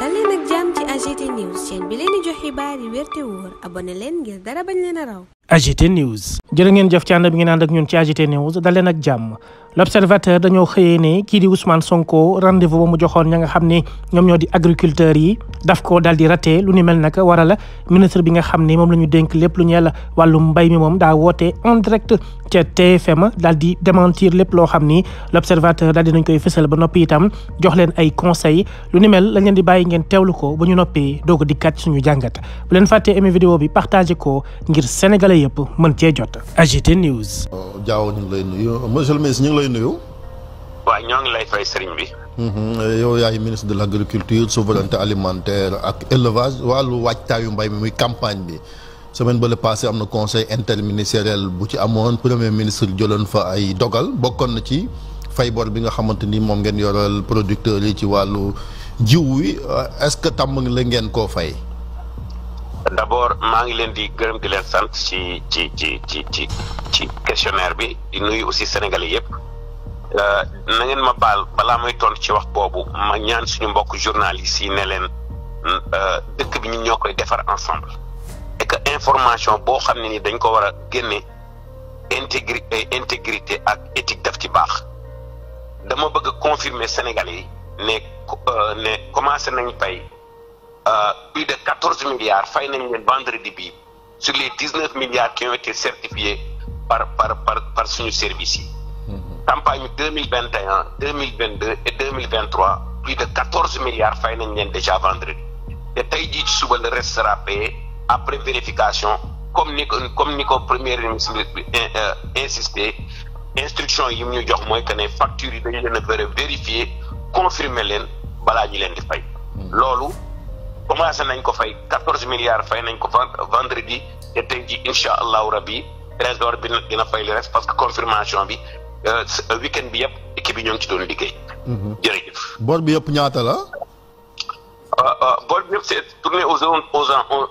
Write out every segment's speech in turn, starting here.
dal leen ak jàmm ci AGT News chaîne bi leen di jox xibaar yi wér te wóor leen dara bañ leen a agite AGT News. ngeen jëf ci ànd bi ngeen ànd ak ñun ci AGT News dal leen ak jàmm. l'observateur dañoo xëyee ne kii di Ousmane Sonko rendez-vous ba mu joxoon ña nga xam ne ñoom ñoo di agriculteurs yi daf ko daal di raté lu ni mel nag waral ministre bi nga xam ne moom la ñu dénk lépp lu ñeel wàllum mbay mi moom daa woote en direct ca TFM daal di démentir lépp loo xam ni l'observateur daal di nañ koy fësal ba noppi itam jox leen ay conseil lu ni mel lañ di bàyyi ngeen teewlu ko ba ñu noppee doo a dikkaat suñu jàngat bu leen fàttee aimé vidéo bi partagé ko ngir sénégalais yëpp mën cee jot. AGT News. Diaw ñu ngi lay nuyu monsieur le ministre ñu ngi lay nuyu. waaw ñoo ngi lay fay sëriñ bi. Mhm. yow yaay ministre de l' agriculture souveraineté alimentaire ak élevage wàllu waajtaayu mbay mi muy campagne bi semaine ba la am na conseil interministériel bu ci amoon premier ministre jëloon fa ay dogal bokkoon na ci fay bor bi nga xamante ni moom ngeen yoral producteurs yi ci wàllu jiw wi est-ce que tàmm la ngeen koo fay. d'abord maa ngi leen di gërëm di leen sant ci ci ci ci ci ci questionnaire bi di nuyu aussi sénégalais yépp euh, na ngeen ma baal balaa mooy tontu ci wax boobu ma ñaan suñu mbokk journalistes yi ne leen euh, dëkk bi ñu ñoo koy defar ensemble et que information boo xam ne nii dañ ko war a génne intégri intégrité ak éthique daf ci baax dama bëgg confirmer sénégalais yi ne euh, ne commencé nañ pay Euh, plus de quatorze milliards fay nañ leen vendredi bi sur les dix neuf milliards qui ont été certifiés par par par suñu service yi. Mhm. campagne deux mille vingt et un deux mille vingt deux et deux mille vingt plus de milliards fay nañ leen déjà vendredi te tey jii ci suba le reste sera payé après vérification comme ni ko comme ni ko premier ministre bi euh, insisté instruction yi mu ñu jox mooy que ne factures yi dañu leen a bëri vérifier confirmer leen balaa ñu leen di fay mhm. loolu. commencé nañ ko fay quatorze milliards fay nañ ko vendredi te tey ji incha allahu rabbi trésor bi nag dina fay li reste parce que confirmation bi euh, weekend bi yëpp équipe bi ñoo ngi ci doon liggéey. Mhm. jërëjëf. bor bi yëpp ñaata la. Euh, euh, bor bi yëpp c'est tourné aux aux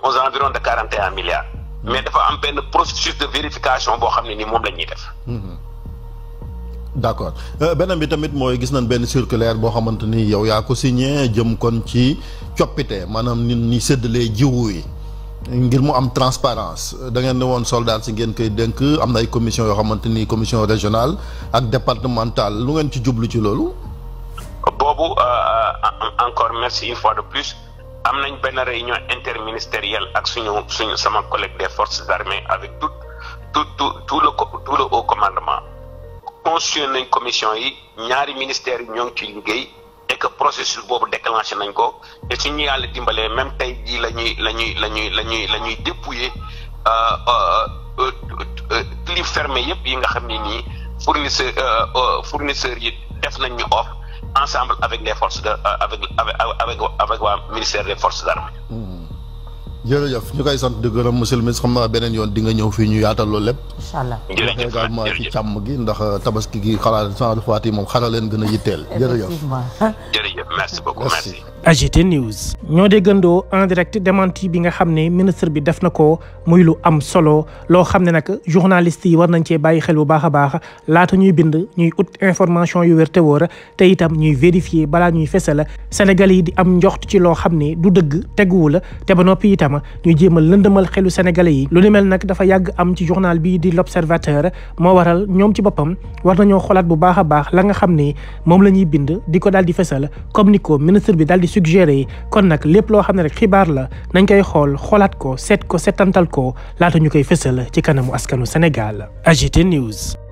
aux environs de quarante et un milliards. Mhm. mais dafa am benn processus de vérification boo xam ne ni moom la ñuy def. Mhm. d'accord euh, beneen bi tamit mooy gis nañ benn circulaire boo xamante ni yow yaa ko signé jëm kon ci coppite maanaam nit ñi séddalee jiwu yi ngir mu am transparence da ngeen ne woon soldat si ngeen koy dénk am na ay commission yoo xamante ni commission régionale ak départementale lu ngeen ci jublu ci loolu. boobu euh, euh, encore merci une fois de plus am nañ benn réunion interministérielle ak suñu suñu sama collègue des forces armées avec tout tout tout le haut commandement. constitué nañ commission yi ñaari ministères yi ñoo ngi ciy liggéey et que processus boobu déclenché nañ ko et ñu yàlla dimbalee même tey jii la ñuy la ñuy la ñuy la ñuy la ñuy dépouiller euh, euh, euh, clip fermé yëpp yi nga xam ne nii fournisseur fournisseurs yi def nañ ñu offre ensemble avec les forces de avec avec avec waa ministère des forces armées hmm. jërëjëf ñu koy sant di gërëm xam naa beneen yoon di nga ñëw fii ñu yaatal loolu lépp inchaallah wax également ci càmm gi ndax tabaski gi xalaat sans faat yi moom xalaa leen gën a yitteel jërëjëf merci beaucoup ñoo déggandoo en direct démenti bi nga xam ne ministre bi def na ko muy lu am solo loo xam ne nag journaliste yi war nañ cee bàyyi xel bu baax a baax laata ñuy bind ñuy ut information yu wér te te itam ñuy vérifier balaa ñuy fesal Sénégal yi di am njoxt ci loo xam ne du dëgg teguwu la te ba noppi itam ñu jéem a lëndëmal xelu Sénégalais yi. lu ni mel nag dafa yàgg am ci journal bii di l'observateur moo waral ñoom ci boppam war nañoo xoolaat bu baax a baax la xam ne moom la ñuy bind di ko daal di fesal comme ni ko ministre bi daal di suggéré kon nag lépp loo xam ne rek xibaar la nañ koy xool xoolaat ko set ko setantal ko laata ñu koy fësal ci kanamu askanu Sénégal AGT News.